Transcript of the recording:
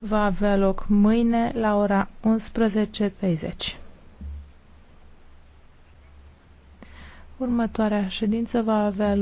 va avea loc mâine la ora 11.30. Următoarea ședință va avea